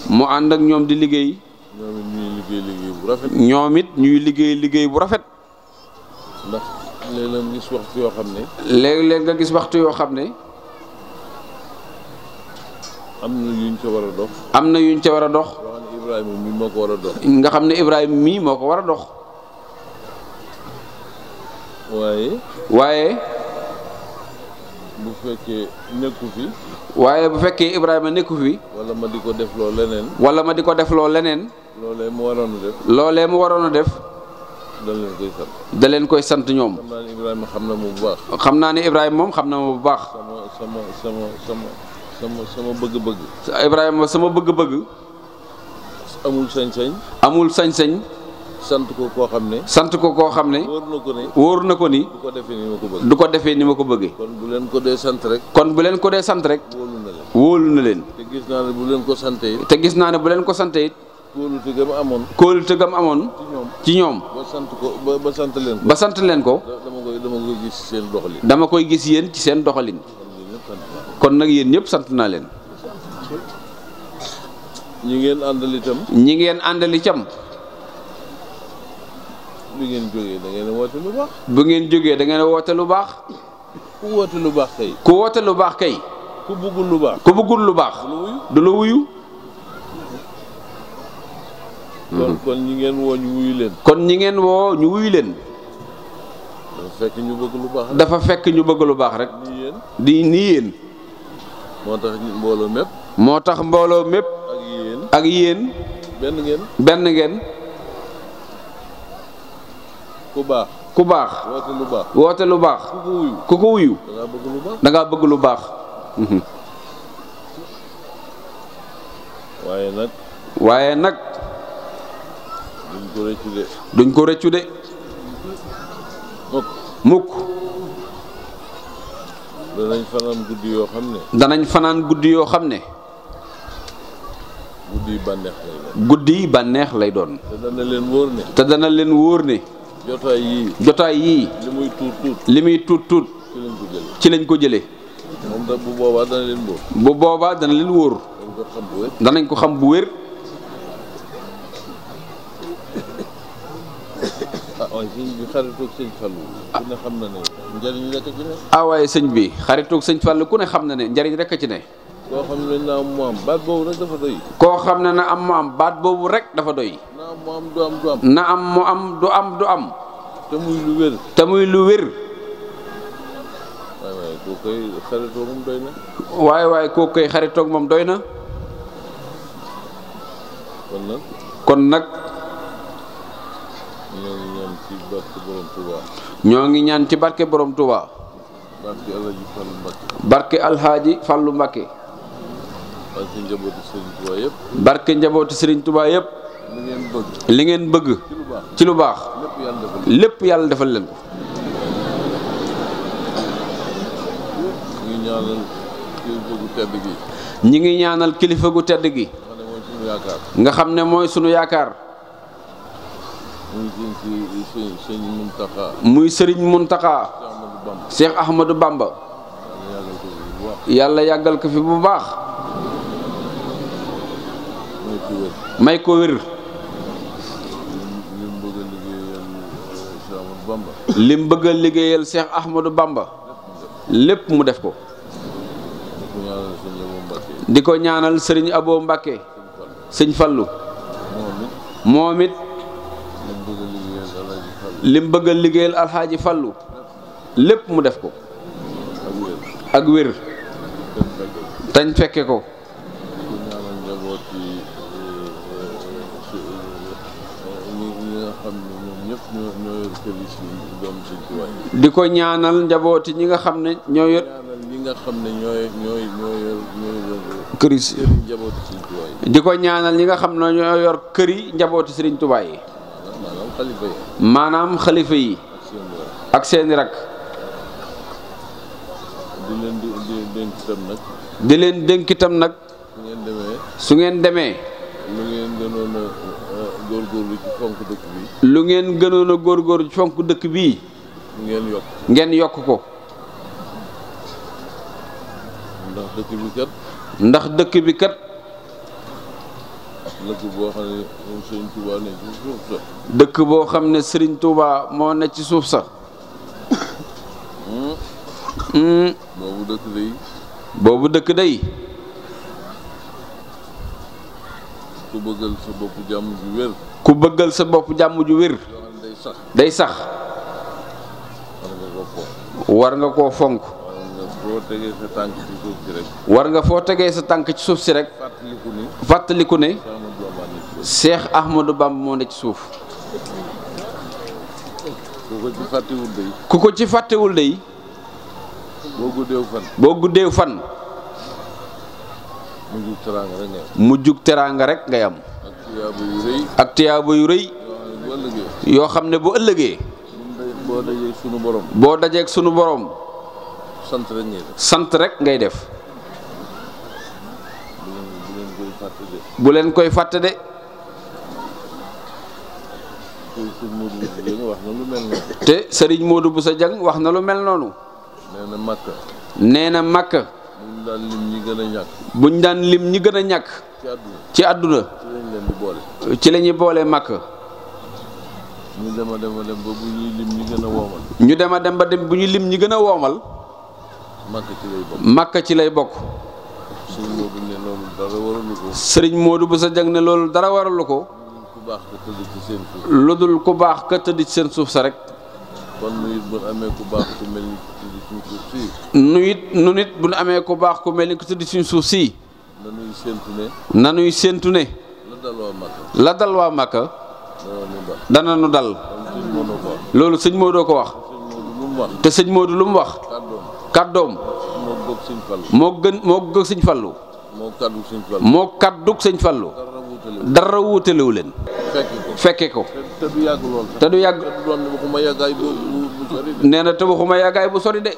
mu ànd ñoom di liggéey. mu ànd ñuy liggéey liggéey bu rafet. ñoom it nga gis waxtu yoo xam ne. léeg-léeg nga gis waxtu yoo xam ne. am na yuñ ca war a dox. am na yuñ ca war a dox. Ibrahima nga xam ne Ibrahima mii moo ko war a dox. waaye. waaye. bu fekkee nekku fi. waaye bu fekkee Ibrahima nekku fi. wala ma di ko def loo leneen. wala ma di ko def loo leneen. loolee mu waroon a def. loolee mu waroon a def. da leen koy sant. da leen koy sant ñoom. xam naa ne Ibrahima xam na mu bu baax. xam naa ne Ibrahima moom xam na mu bu baax. sama sama sama sama sama bëgg-bëgg. Ibrahima sama bëgg-bëgg. amul sañ-sañ. amul sañ-sañ. sant ko koo xam ne. sant ko koo xam ne. wóor na ko ni. wóor na ko ni. du ko defee ni ma ko bëggee. du ko defee ni ma ko bëggee. kon bu leen ko dee sant rek. kon bu leen ko dee sant rek. wóolu na leen na leen. te gis naa ne bu leen ko sante te gis naa ne bu leen ko sante it. kóolute gam amoon. kóolute gam amoon. ci ñoom ba sant ko sant leen ko. ba sant leen ko. dama koy dama koy gis seen doxalin. dama koy gis yéen ci seen doxalin. kon nag yéen ñëpp sant naa leen. ñi ngeen àndal itam. ñi ngeen àndal itam. bu ngeen jógee da ngeen woote lu baax. bu ngeen jógee dangeen ngeen woote lu baax. ku woote lu baax kay. ku woote lu baax kay. ku bëggul lu baax. ku bëggul lu baax. kon ñi ngeen woo ñu wuyu leen. kon ñi ngeen woo ñu leen. dafa fekk ñu bëgg lu baax dafa fekk ñu bëgg lu baax rek. di nii yéen. moo tax mbooloo mépp. moo tax mbooloo mépp. ak yéen. benn ngeen. benn ngeen. ku baax ku baax. lu baax woote lu baax. ku ko wuyu ku bëgg lu baax mhm. waaye nag. waaye nag. duñ ko rëccu de. duñ ko rëccu de. mukk danañ fanaan guddi yoo xam ne. danañ guddi yi bànneex lay doon. te dana leen wóor ne. jotaay yii. jotaay yii. li muy tuut tuut. li muy tuut tuut. ci lañ ko jëlee. moom da bu boobaa dana leen wóor. bu boobaa dana leen wóor. danañ ko xam bu wér. [coughs] ah waaye sëñ bi xaritoog sëñ Fallou ku ne xam na ne njëriñ rek a ci ne. ah waaye sëñ bi xaritoog sëñ Fallou ku ne xam na ne njëriñ rek a ci ne. koo xam ne na am mu am baat boobu rek dafa doy. koo xam ne na am mu am baat boobu rek dafa doy. na am mu am du am du am. na mu te muy lu wér. te waaye koo koy xaritoog moom waaye koo koy xaritoog moom doy na. kon nag. kon nag. ñoo ngi ñaan ci barke boroom Touba. barke borom Touba. barke barke njabootu Serigne Touba yëpp. barke njabootu Serigne Touba yëpp. li ngeen bëgg. ci lu baax lépp yàlla defal leen ko. ñi ngi ñaanal kilifa gu tedd gi. nga xam ne mooy sunu yaakaar. muy Serigne Mountakha. Cheikh Ahmadou Bamba. yàlla yàggal ko fi bu baax. may ko wér lim bëgg a liggéeyal Cheikh Ahmadou Bamba lépp mu def ko di ko ñaanal sëriñ Abo Mbàkke sëñ Fallu moom it lim bëgg a liggéeyal alxaaji Fallu lépp mu def ko ak wér tañ fekke ko di ko ñaanal njabooti ñi nga xam ne ñoo yor. ñi nga xam ne ñooy ko ñaanal ñi nga xam ne yor kër yi njabooti Serigne Touba yi. maanaam xalifa yi. ak seeni rak. di leen di itam nag. leen dénk nag. su ngeen demee. su ngeen demee. góorgóorlu ci fonk lu ngeen gënoon a góorgóorlu ci fonk dëkk bii. ngeen yokk ngeen yokk ko. ndax dëkk ndax dëkk bi kat. dëkk boo xam ne Serigne Touba ci suuf sax. dëkk moo ne ci suuf sax. Hmm? Hmm? boobu dëkk day. ku bëggal sa bopp jàmm ju wér. ku bëggal sa bopp jàmm ju wér. day sax day sax. war nga koo fonk. war nga foo tegee sa tànk ci suuf si rek. fàttaliku ne. fàttaliku ne. Cheikh Ahmadou moo ne ci suuf. ku ko ci fàttewul day. boo guddeew fan. mujjug teraanga rek ngay teraanga rek ngay am. ak tiyaaba yu rëy. yoo xam ne bu ëllëgee. boo dajeeg sunu borom. boo dajeeg sunu borom. sant rek ngay def. sant rek ngay def. bu leen koy fàtte de. te Serigne Modou sa Dieng wax na lu mel noonu. nee na Makka. nee daan lim gën a ñàkk. buñ daan lim ñi gën a ñàkk. ci àdduna ci la ñuy boole màkk. ñu dem a dem ba bu a woomal. ñu dem a dem ba dem bu ñuy lim ñi gën a woomal. màkk màkk ci lay bokk. sëriñ Modou ne loolu dara waralu ko. sëriñ Modou bu sa jàng ne loolu dara waralu ko. lu dul ku baax ka tëdd ci seen suuf. seen suuf sa rek. kon nu it bu nit bu nu amee ko baax ku mel ni ku tudd suñu suuf sii. nanuy séntu ne. séntu ne. la dal waa Màkka. dal dana nu dal. loolu sëñ moodoo ko wax. te sëñ moodu lu mu wax. kàddoom. moo gën moo gën sëñ Fallu. moo kàddug sëñ Fallu. dara wutalewu leen. fekke ko te du yàgg lool te du yàgg. nee yàggaay bu sori de.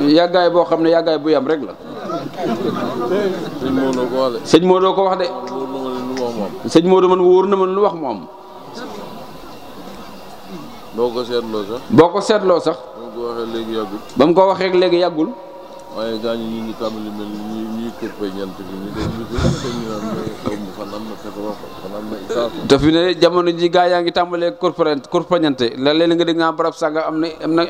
yàggaay boo xam ne yàggaay bu yam rek la. sëñ doo ko wax de. sëñ Modou man wóor na man lu wax moom. boo ko seetloo sax. boo ko seetloo sax. ba mu ko ba mu ko waxee léegi yàggul. waaye gaañ ñi ngi tàmbali mel ni ñuy kër fay ñent bi te na fi ne jamono ji gaa yaa ngi tàmbalee corporate corpañante la leen nga dégg naa barab sànga am na am na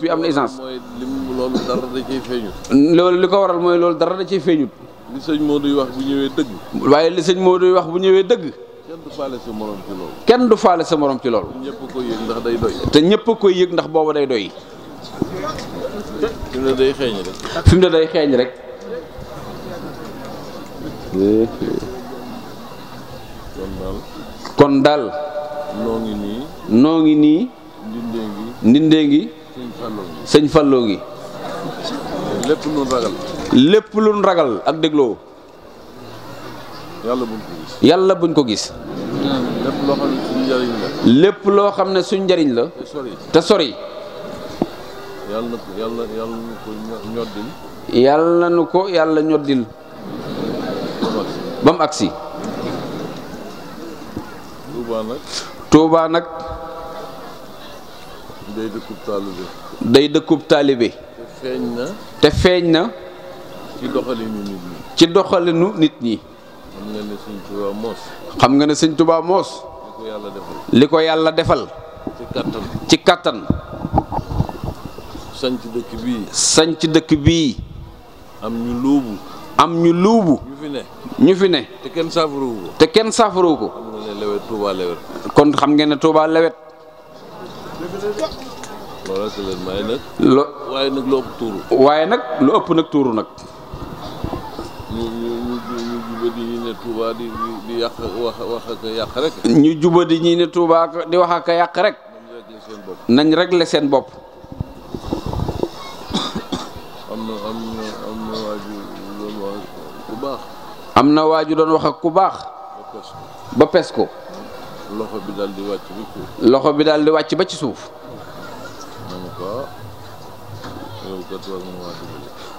fii am na essence. mooy lim loolu dara da ciy feeñut. loolu li ko waral mooy loolu dara da ciy feeñut. li sëñ duy wax bu ñëwee dëgg. waaye li sëñ Modou wax bu ñëwee dëgg. kenn du kenn du faale sa morom ci loolu. ñëpp koy ndax day te ñëpp koy yëg ndax booba day doy. fi ne day xeeñ rek. fi ne day xeeñ rek. kon dal noo ngi nii. noo ngi nii. ndindee ngi. ndindee ngi. ngi. lépp luñ ragal. lépp luñ ragal ak dégloo. yàlla buñ ko gis. ko gis. lépp loo xam ne suñ njariñ la. lépp loo xam ne suñ njariñ la. te sori. yàlla na yàlla ko yàlla nu ñoddil. ba agsi. Touba nag. Touba nag. day dëkkub taalibe. day dëkkub taalibe. te feeñ na. ci doxalinu nit ñi. ci doxalinu nit ñi. xam nga ne sëñ Touba moos. li ko yàlla defal. ci kàttan ci kattan. sañc dëkk bii. sañc dëkk bii. am ñu luubu. am ñu luubu. ñu fi ne. ñu te kenn saafarawu ko. te kon xam ngeen ne Touba lewet. loolu waaye nag lu ëpp tuuru. waaye nag lu ëpp nag tuuru nag. ñu ñu ñu jubadi ñi ne Touba di di yàq rek. ñu jubadi ñi ne Touba di wax yàq rek. nañ régler seen seen bopp. am na waaju doon wax ak ku baax. ba pes ko. loxo bi daal di wàcc ba suuf. loxo bi daal di wàcc ba ci suuf.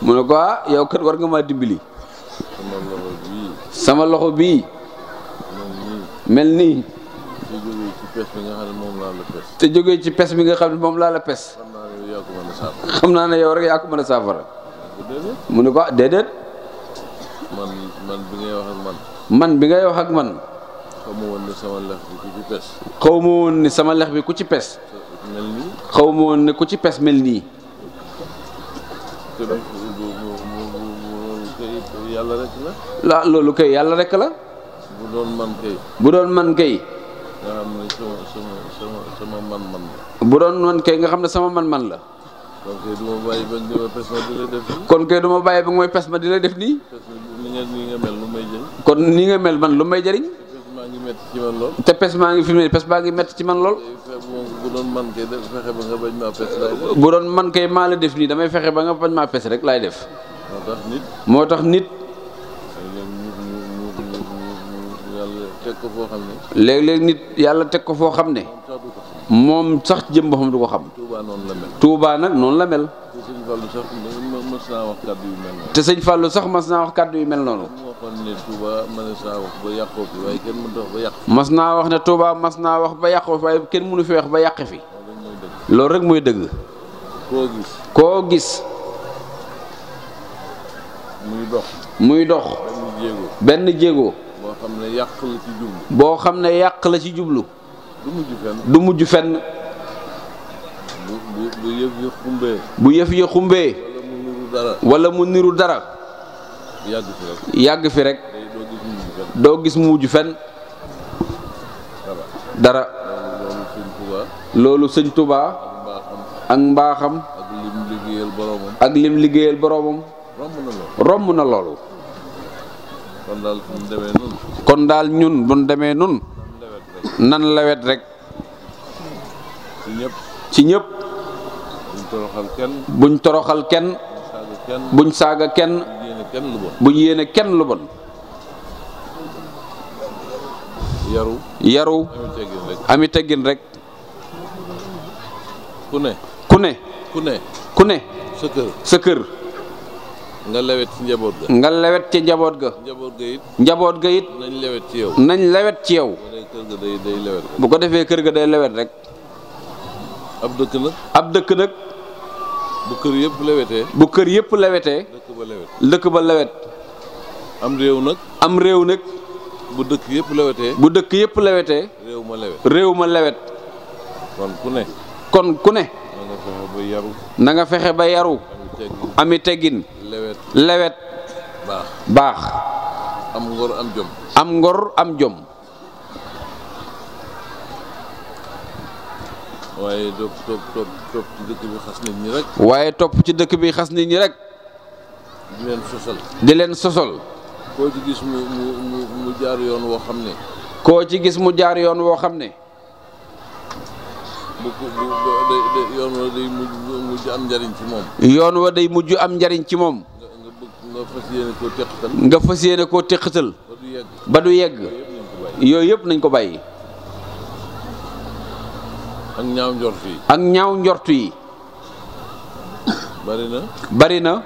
mu ne ko ah, yow kat war nga maa dimbali. sama loxo bii. mel nii. te jógee ci pes bi te jógee ci pes bi nga xam ne moom laa la pes. xam naa ne yow rek yaa ko mën a saafara. mu ne ko ah déedéet. man bi ngay wax ak man. man bi ngay wax ak man. xaw ma woon ni sama lex bi ku ci pes. xaw ma woon ni sama lex bi ku ci pes. mel nii. woon ni ku ci pes mel nii. yàlla la. loolu kay yàlla rek la. bu doon man kay. doon man kay. nga xam bu doon man kay nga xam ne sama man man la. kon kay du ma bàyyi ba nga pes ma di la def nii. kon kay du ma bàyyi ba nga pes di la def nii. pes ni nga ni nga mel man lu may jëriñ. maa ngi métti te pes maa ngi fi mu ne pes maa ngi métti ci man lool. bu doon man kay ba nga bañ maa doon man kay la def nii damay fexe ba nga bañ maa pes rek laay def. moo tax nit. moo tax nit. teg ko foo xam ne. léeg-léeg nit yàlla teg ko foo xam ne. moom sax jëm ba xam du ko xam. Touba la mel. nag noonu la mel. te sëñ Fallou sax mas naa wax kàddu yu mel noonu. mas naa wax ne Touba mas naa wax ba yàq fi waaye kenn mënu fi wax ba yàq fi. loolu rek mooy dëgg. koo gis. koo gis. muy dox. muy dox. benn jéego. yàq boo xam ne yàq la ci jublu. du mujj fen du mujj bu yëf ya xumbee. bu mu niru dara. yàgg fi rek doo gis mu mujj fenn. dara. loolu sëñ Touba. ak mbaaxam. ak lim liggéeyal boroomam. romb na loolu. kon daal ñun bu demee nun nan lawet rek ci ñëpp buñ toroxal kenn buñ saaga kenn buñ yéene kenn lu bon yaru yaru ami teggin rek ku ne ku sa kër nga lewet ci njaboot ga. nga lewet ci njaboot ga. njaboot ga njaboot ga it. nañ lewet ci yow. nañ lewet ci yow. bu ko defee kër ga day lewet rek. ab dëkk nag. ab dëkk nag. bu kër yëpp lewetee. bu kër yëpp lewetee. dëkk ba lewet. ba lewet. am réew nag. am réew nag. bu dëkk yépp lewetee. bu dëkk yëpp lewetee. réew ma lewet. réew ma lewet. kon ku ne. kon ku ne. na nga fexe ba yaru. fexe ba yaru. ami teggin. lewet lewet baax baax am ngor am jom am ngor am jom waaye topp topp ci dëkk bi xas nit ñi rek waaye topp ci dëkk bi xas nit ñi rek di leen sosol di leen sosol koo ci gis mu mu mu jaar yoon woo xam ne koo ci gis mu jaar yoon woo xam ne yoon njariñ ci day mujj am njariñ ci moom. nga fas koo teqatal. nga fas yëpp nañ ko bàyyi. ak ak ñaaw njortu yi. bari na. bari na.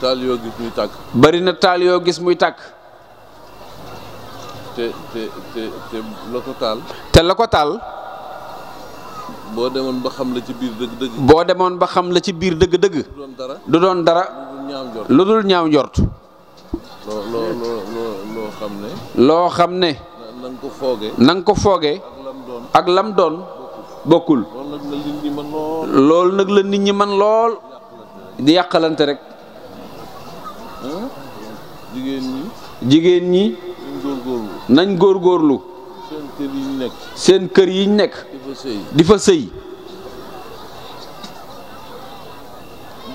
taal yoo gis muy tàkk. bari na taal yoo gis muy tàkk. te te te te la ko taal. te la ko taal. boo demoon ba xam la ci biir dëgg-dëgg. boo demoon ba xam la ci biir dëgg-dëgg. du doon dara du lu dul ñaaw njort. loo xam ne. loo xam ne. na ko fooge na ko foogee. ak lam doon. bokkul. lool nag la nit ñi man lool. di yàqalante rek. jigéen ñi. jigéen ñi. nañ góorgóorlu. seen kër yi seen kër yi nekk. di fa sëy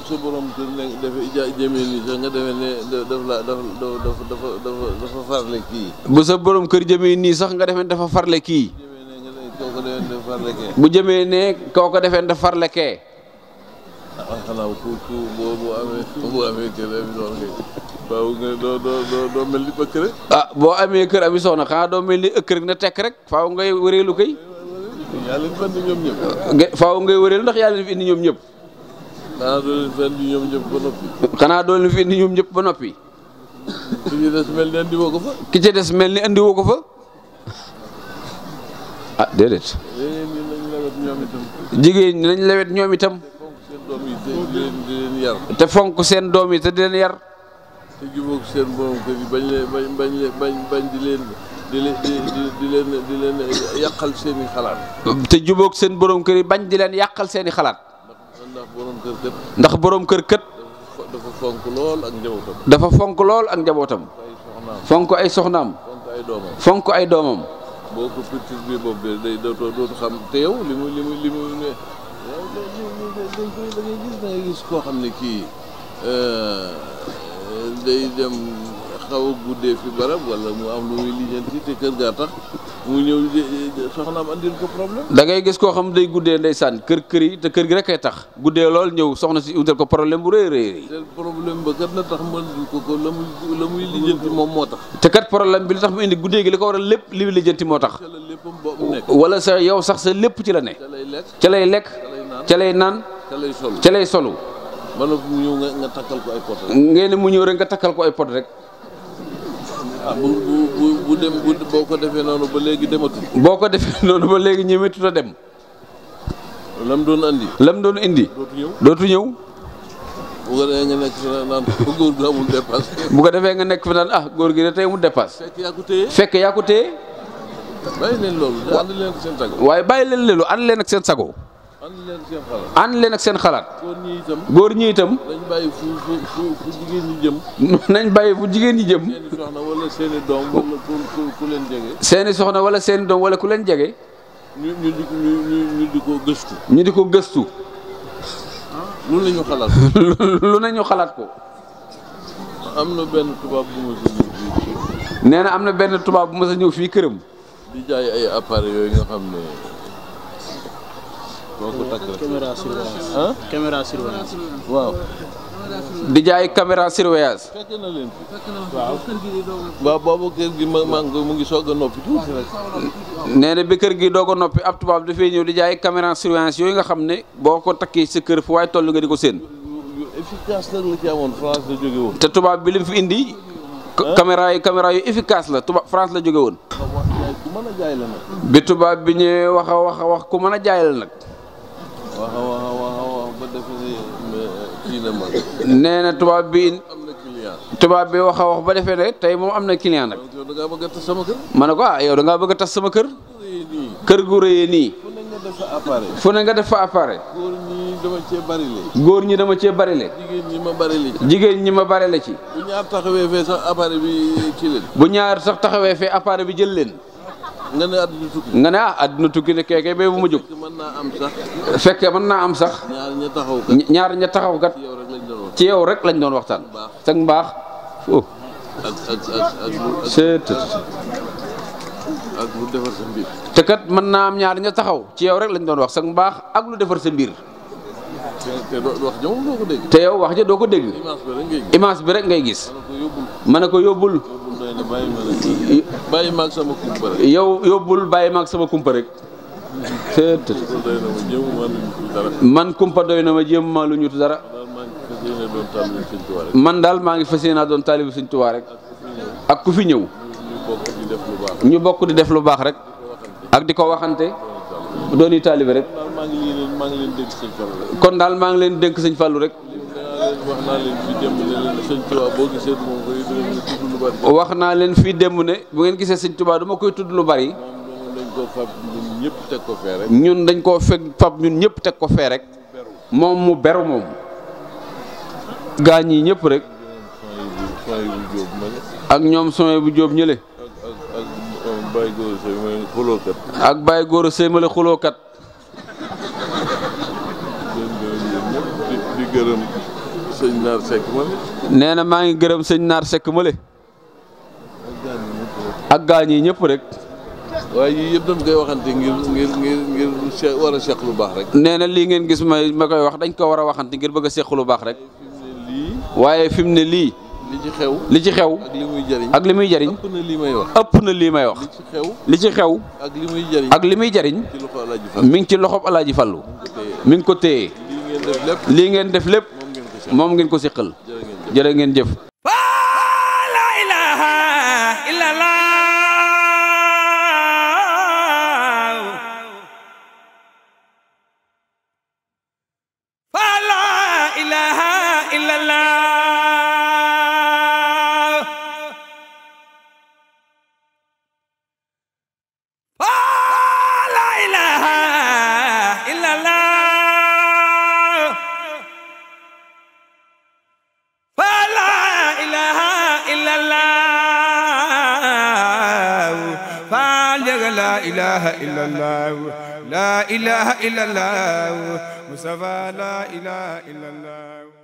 sa borom kër ne nii sax nga demee ne dafa farle kii. bu sa nii sax nga defee dafa farle kii. bu jëmee ne koo ko defee dafa farle kee. doo mel ni ëkk ah boo amee kër am xanaa doo mel ni ëkk na tekk rek faaw ngay wëreelu kay. yàlla fi indi ñoom ñëpp. faaw ngay wëreel ndax yàlla fi indi ñoom ñëpp. xanaa doo leen fi indi ñoom ñëpp ba noppi. xanaa doo fi indi ñoom ñëpp ba noppi. ki ci des mel ni andi ko fa. ki ci des mel ni andi ko fa. ah déedéet. jigéen ñoom itam. te fonk seen doom yi te di leen yar. te jubóog leen. di leen yàqal seen i xalaat. te jubóog seen borom kër yi bañ di leen yàqal seeni xalaat. ndax boroom kër kët. ndax borom kër kët. dafa fonk lool ak njabootam. dafa fonk lool ak njabootam. fonk ay soxnaam. fonk ay doomam. fonk ay doomam. boo ko perturbé boobu bi day dootoo dootu xam te yow li mu li mu ne. xam ne kii euh, xaw a guddee wala mu am lu muy lijjanti te kër gaa tax da ngay gis koo xam day guddee ndeysaan kër kër yi te kër gi rek ay tax guddee lool ñëw soxna si utal ko problème bu rëy rëy te problème ba kat la tax mën ko la la muy moom moo tax. te kat problème bi li tax mu indi guddee gi li ko war a lépp li lijjanti moo tax. wala sa yow sax sa lépp ci la ne. ca lay lekk ca lay naan ca lay solu ca lay solu. ba mu ñëw nga takkal ko ay pot ngeen mu ñëw rek nga takkal ko ay pot rek. ah bu bu bu dem boo ko defee noonu ba léegi dematul. boo ko defee [laughs] noonu ba léegi ñemetut a dem. lam doon andi. lam doon indi. dootu ñëw dootu ñëw. bu ko defee nga nekk fi naan [laughs] góor gi amul dépasse. bu ko defee nga nekk fi naan ah góor gi de tey mu dépasse. fekk yaa ko téye fekk yaa ko téye. bàyyi leen loolu. ànd leen ak waaye bàyyi leen loolu leen ak seen sago. ànd leen ak seen xalaat ànd leen ak seen xalaat. góor ñi itam góor nañ bàyyi fu fu jigéen ñi jëm. nañ bàyyi fu jigéen ñi jëm. seeni soxna wala seeni doom wala ku leen jege. seeni soxna wala seeni doom wala ku leen jege. ñu di ko gëstu. ñu di ko gëstu. lu ne ñu xalaat ko. lu ne xalaat ko. am na benn tubaab bu ma sa ñëw fii. na am na benn tubaab bu ma sa ñëw fii këram. di jaay ay appareils yooyu nga xam ne. boo ko di jaay caméra surveillance. waaw. boobu kër gi ma ma mu ngi soog a noppi tuuti rek. nee bi kër gi doo ko noppi ab tubaab dafay ñëw di jaay caméra surveillance yooyu nga xam ne boo ko takkee sa kër fu waaye toll nga di ko séen. te tubaab bi li fi indi. caméra yi caméra yu efficace la tubaab France la jóge woon. bi tubaab bi ñëwee wax a wax a wax ku mën a jaay la nag. nee na tubaab bi. tubaab bi wax a wax ba defee ne tey moom am na client nag. ma ne ko ah yow da ngaa bëgg a tas sama kër. kër gu rëyee nii. fu ne nga def fa appareil. góor ñi dama cee bari le. góor ñi dama cee bari le. jigéen ñi ma bari le ci. jigéen ñi ma bari le ci. bu ñaar taxawee fee sax appareil bi ci leen. bu ñaar sax taxawee fee appareil bi jël leen. nga ne àdduna tukki nga ah, tukki ne keekee bee bu ma jóg. mën naa am sax. fekkee mën naa am sax. ñaar ña taxaw kat ñaar ña taxaw ci yow rek lañ doon waxtaan. sag mbaax oh. ak ak ak lu defar sa mbir. te kat mën naa am ñaar ña taxaw ci yow rek lañ doon wax sag mbaax ak lu defar sa mbir. te yow wax ja doo ko dégg. image bi rek ngay gis. mën na ko yóbbul. ma ak sama kumpa rek. yow yóbbul bàyyi ma sama kumpa rek. seet. man kumpa doy na ma jéem maa lu ñutu dara. man daal maa ngi fas yéene doon taalibu Sëñ Tuubaa rek. ak ku fi ñëw. ñu bokk di def lu baax rek. ak di ko waxante. dooni taalibe rek. kon daal maa ngi leen dénk Sëñ Fallu rek. wax naa leen fi démb ne bu ngeen gisee sëñ Tuubaa dama koy tudd lu bari. dañ koo fab ñun ñëpp teg ko fee rek. dañ koo fekk fab ñun ñëpp teg ko fee rek. moom mu beru moom. gaañ yi ñëpp rek. ak ñoom sooy bu jóob ñële. ak Baye Goro Seye ma leen xulóokat. ak Baye Goro Seye ma leen xulóokat. di sëñ Naar Seck nee na maa ngi gërëm sëñ Naar Seck Mële. ak gaañ yi ñëpp rek. waaye yii yëpp dañ koy waxante lu baax rek. nee lii ngeen gis ma koy wax dañ ko war a waxante ngir bëgg a seq lu baax rek. waaye fi mu ne lii. li ci xew li ci xew. ak li muy jëriñ ak li muy jëriñ. ëpp na lii may wax ëpp na lii may wax. li ci xew ak li muy jëriñ ak li muy jëriñ. mi ngi ci loxob Alaaji Fallu mi ngi ko téye. lii ngeen def lépp. moom ngeen ko séqal jërë ngeen jëf إله إلا الله لا إله إلا الله مصطفى لا إله إلا الله